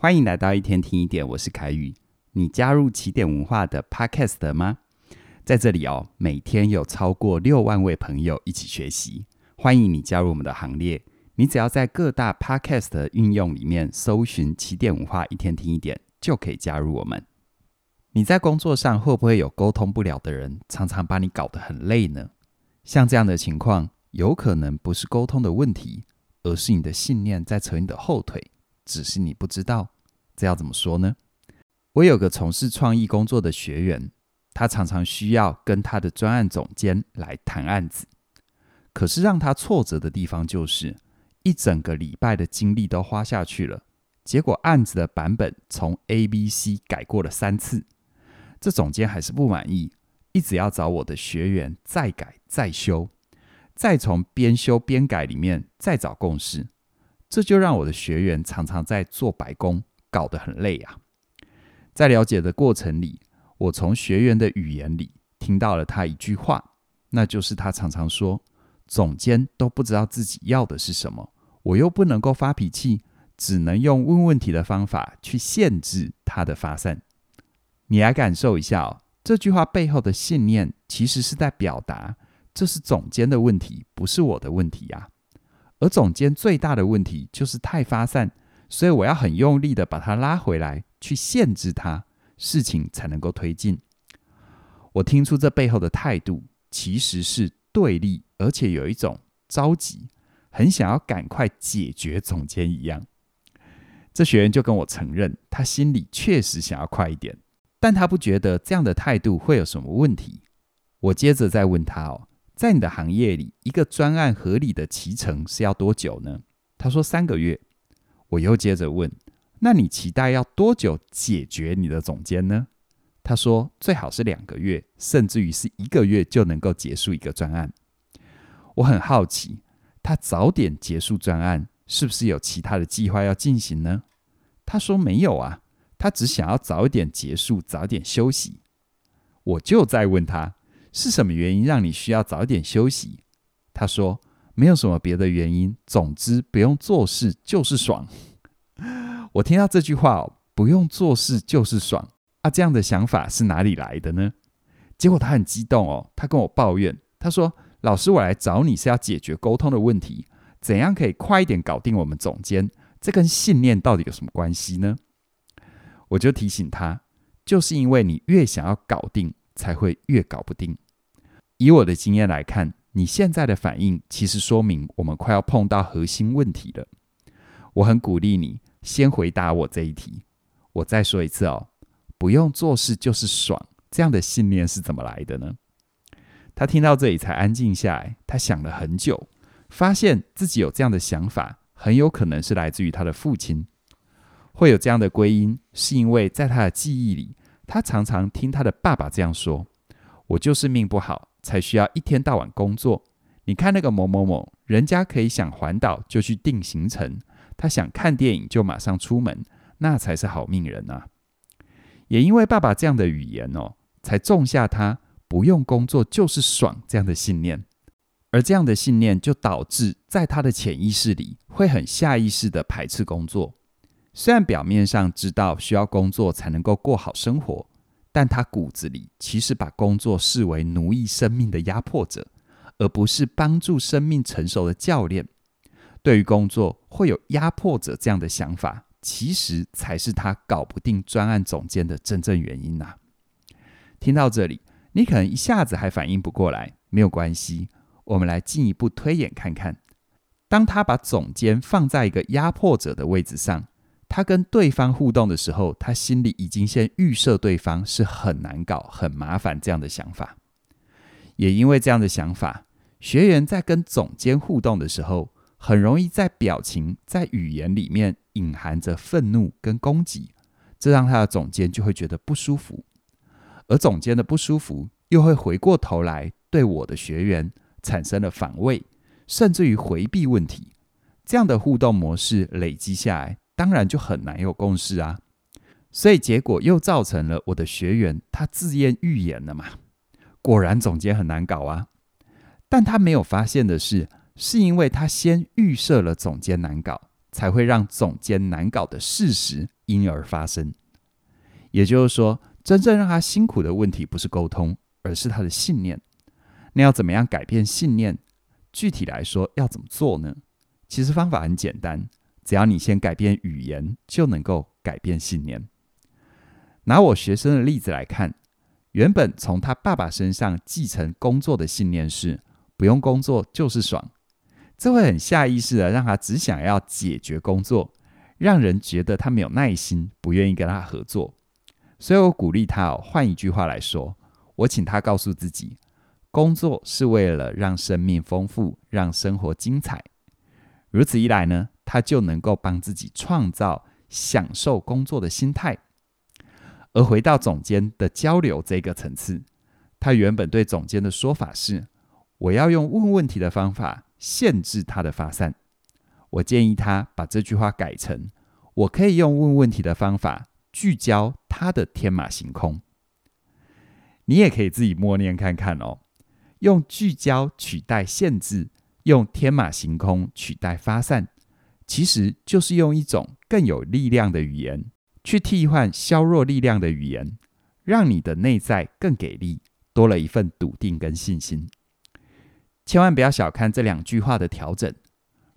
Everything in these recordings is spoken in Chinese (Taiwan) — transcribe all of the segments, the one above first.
歡迎來到一天聽一點，我是凱宇。你加入啟點文化的 Podcast 嗎？在這裡哦，每天有超過六萬位朋友一起學習，歡迎你加入我們的行列。你只要在各大 Podcast 的應用裡面搜尋啟點文化一天聽一點，就可以加入我們。你在工作上會不會有溝通不了的人，常常把你搞得很累呢？像這樣的情況，有可能不是溝通的問題，而是你的信念在扯你的後腿。只是你不知道，這要怎麼說呢？我有個從事創意工作的學員，他常常需要跟他的專案總監來談案子。可是讓他挫折的地方就是，一整個禮拜的精力都花下去了，結果案子的版本從 A、B、C 改過了三次，這總監還是不滿意，一直要找我的學員再改再修，再從邊修邊改裡面再找共識。這就讓我的學員常常在做白工，搞得很累啊！在了解的過程裡，我從學員的語言裡聽到了他一句話，那就是他常常說：“總監都不知道自己要的是什麼，我又不能夠發脾氣，只能用問問題的方法去限制他的發散。”你來感受一下哦，這句話背後的信念其實是在表達，這是總監的問題，不是我的問題呀、啊。而總監最大的問題就是太發散，所以我要很用力的把他拉回來，去限制他，事情才能夠推進。我聽出這背後的態度其實是對立，而且有一種着急，很想要趕快解決總監一樣。這學員就跟我承認，他心裡確實想要快一點，但他不覺得這樣的態度會有什麼問題。我接着再問他哦。在你的行業裡，一個專案合理的期程是要多久呢？他說三個月。我又接着問：“那你期待要多久解決你的總監呢？”他說：“最好是兩個月，甚至於是一個月就能夠結束一個專案。”我很好奇，他早點結束專案是不是有其他的計劃要進行呢？他說：“沒有啊，他只想要早一點結束，早一點休息。”我就再問他。是什麼原因讓你需要早一點休息？他說：“沒有什麼別的原因，總之不用做事就是爽。 ”我聽到這句話哦，“不用做事就是爽”啊，這樣的想法是哪裡來的呢？結果他很激動哦，他跟我抱怨，他說：“老師，我來找你是要解決溝通的問題，怎樣可以快一點搞定我們總監？這跟信念到底有什麼關係呢？”我就提醒他：“就是因為你越想要搞定。”才會越搞不定。以我的經驗來看，你現在的反應其實說明我們快要碰到核心問題了。我很鼓勵你先回答我這一題。我再說一次哦，不用做事就是爽，這樣的信念是怎麼來的呢？他聽到這裡才安靜下來。他想了很久，發現自己有這樣的想法，很有可能是來自於他的父親。會有這樣的歸因，是因為在他的記憶裡，他常常聽他的爸爸這樣說：“我就是命不好，才需要一天到晚工作。你看那個某某某，人家可以想環島就去定行程，他想看電影就馬上出門，那才是好命人啊！”也因為爸爸這樣的語言哦，才種下他不用工作就是爽這樣的信念，而這樣的信念就導致在他的潛意識裡會很下意識地排斥工作。雖然表面上知道需要工作才能夠過好生活，但他骨子裡其實把工作視為奴役生命的壓迫者，而不是幫助生命成熟的教練。對於工作會有壓迫者這樣的想法，其實才是他搞不定專案總監的真正原因吶、啊。聽到這裡，你可能一下子還反應不過來，沒有關係，我們來進一步推演看看。當他把總監放在一個壓迫者的位置上。他跟對方互動的時候，他心裡已經先預設對方是很難搞、很麻煩這樣的想法。也因為這樣的想法，學員在跟總監互動的時候，很容易在表情、在語言裡面隱含着憤怒跟攻擊，這讓他的總監就會覺得不舒服。而總監的不舒服又會回過頭來對我的學員產生了防衛，甚至於回避問題。這樣的互動模式累積下來。當然就很難有共識啊，所以結果又造成了我的學員他自驗預言了嘛，果然總監很難搞啊，但他沒有發現的是，是因為他先預設了總監難搞，才會讓總監難搞的事實因而發生。也就是說，真正讓他辛苦的問題不是溝通，而是他的信念。那要怎麼樣改變信念？具體來說要怎麼做呢？其實方法很簡單。只要你先改變語言，就能夠改變信念。拿我學生的例子來看，原本從他爸爸身上繼承工作的信念是“不用工作就是爽”，這會很下意識的讓他只想要解決工作，讓人覺得他沒有耐心，不願意跟他合作。所以我鼓勵他哦，換一句話來說，我請他告訴自己，工作是為了讓生命豐富，讓生活精彩。如此一來呢？他就能夠幫自己創造享受工作的心態。而回到總監的交流這個層次，他原本對總監的說法是：“我要用問問題的方法限制他的發散。”我建議他把這句話改成：“我可以用問問題的方法聚焦他的天馬行空。”你也可以自己默念看看哦，用聚焦取代限制，用天馬行空取代發散。其實就是用一種更有力量的語言去替換削弱力量的語言，讓你的內在更給力，多了一份篤定跟信心。千萬不要小看這兩句話的調整。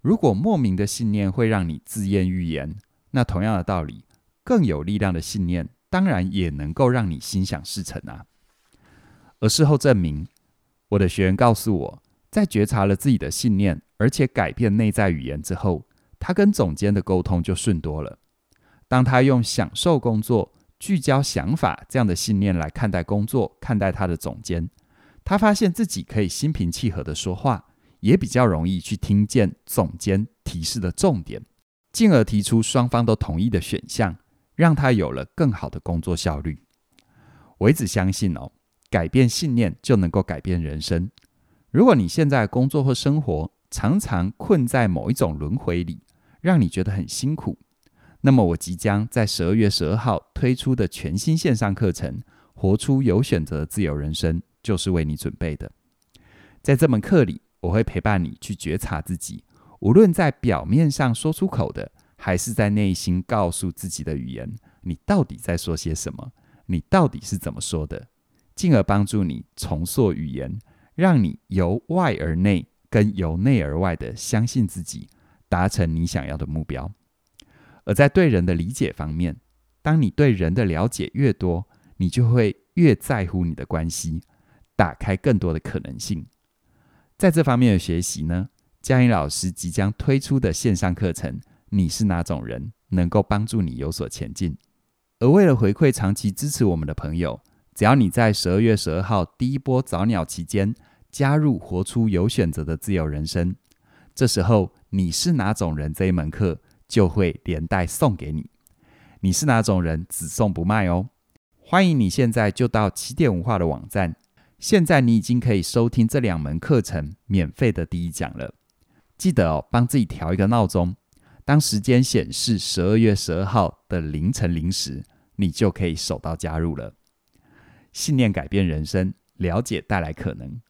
如果莫名的信念會讓你自驗預言，那同樣的道理，更有力量的信念當然也能夠讓你心想事成啊。而事後證明，我的學員告訴我，在覺察了自己的信念，而且改變內在語言之後。他跟總監的溝通就順多了。當他用享受工作、聚焦想法這樣的信念來看待工作、看待他的總監，他發現自己可以心平氣和地說話，也比較容易去聽見總監提示的重點，進而提出雙方都同意的選項，讓他有了更好的工作效率。我一直相信哦，改變信念就能夠改變人生。如果你現在工作或生活常常困在某一種輪回裡，讓你覺得很辛苦，那麼我即將在十二月十二號推出的全新線上課程《活出有選擇的自由人生》就是為你準備的。在這門課裡，我會陪伴你去覺察自己，無論在表面上說出口的，還是在內心告訴自己的語言，你到底在說些什麼？你到底是怎麼說的？進而幫助你重塑語言，讓你由外而內，跟由內而外的相信自己。達成你想要的目標，而在對人的理解方面，當你對人的了解越多，你就會越在乎你的關係，打開更多的可能性。在這方面的學習呢，嘉玲老師即將推出的線上課程《你是哪種人》，能夠幫助你有所前進。而為了回饋長期支持我們的朋友，只要你在十二月十二號第一波早鳥期間加入，活出有選擇的自由人生，這時候。你是哪種人？這一門課就會連帶送給你，你是哪種人？只送不賣哦。歡迎你現在就到啟點文化的網站。現在你已經可以收聽這兩門課程免費的第一講了。記得哦，幫自己調一個鬧鐘。當時間顯示十二月十二號的凌晨零時，你就可以收到加入了。信念改變人生，了解帶來可能。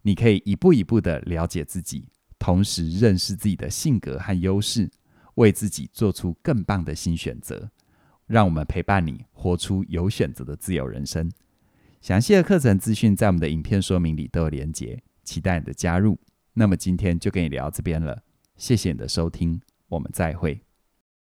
你可以一步一步地了解自己。同時認識自己的性格和優勢，為自己做出更棒的新選擇。讓我們陪伴你，活出有選擇的自由人生。詳細的課程資訊在我們的影片說明裡都有連接，期待你的加入。那麼今天就跟你聊到這邊了，謝謝你的收聽，我們再會。